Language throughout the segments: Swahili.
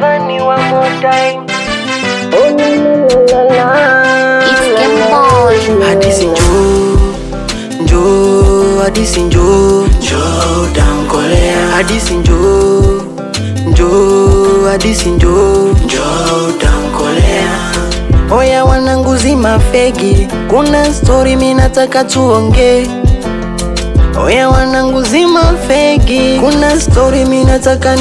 Vanny one more Hadisi hadisi Hadisi hadisi Oya wanangu zima fegi, kuna stori minataka tuongee. Oya wanangu zima fegi, kuna stori minataka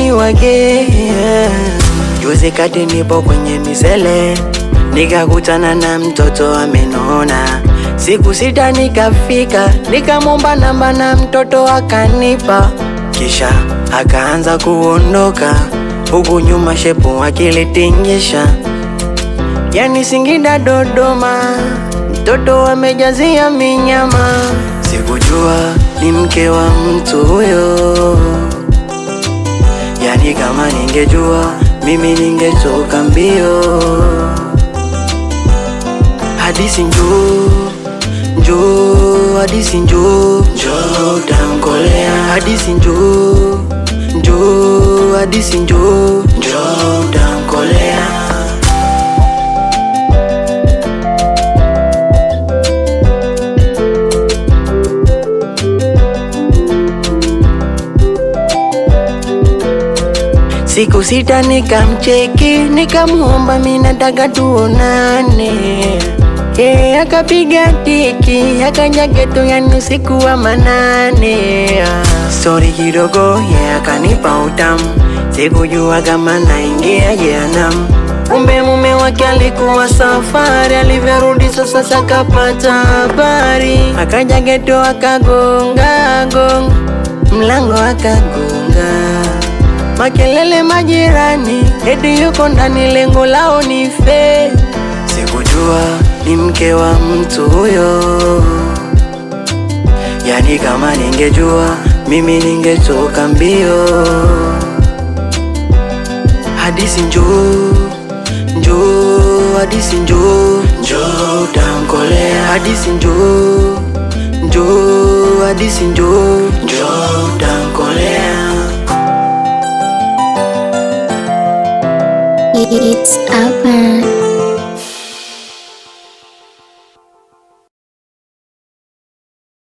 Juzi kati nipo kwenye misele, nikakutana na mtoto amenona. Siku sita nikafika, nikamomba namba na mtoto akanipa, kisha akaanza kuondoka huku nyuma shepu akilitingisha, yani Singida Dodoma, mtoto amejazia minyama. Sikujua ni mke wa mtu huyo, yani kama ningejua mimi ningechoka mbio. Hadisi njoo njoo, hadisi njoo njoo, utankolea. Hadisi njoo njoo, hadisi njoo siku sita nikamcheki, nikamuomba mimi nataka tuonane. Yeye akapiga tiki, akaja geto ya usiku wa manane. Stori kidogo yeye akanipa utamu, sikujua kama naingia jehanamu. Kumbe mume wake alikuwa safari, alivyorudi sasa sakapata habari, akaja geto akagonga gonga mlango akagonga makelele majirani, eti yuko ndani, lengo lao ni fe. Sikujua ni mke wa mtu huyo, yani kama ningejua mimi ningetoka mbio. Hadisi njoo njoo, hadisi njoo njoo, utankolea hadisi njoo njoo, hadisi njoo njoo it's open.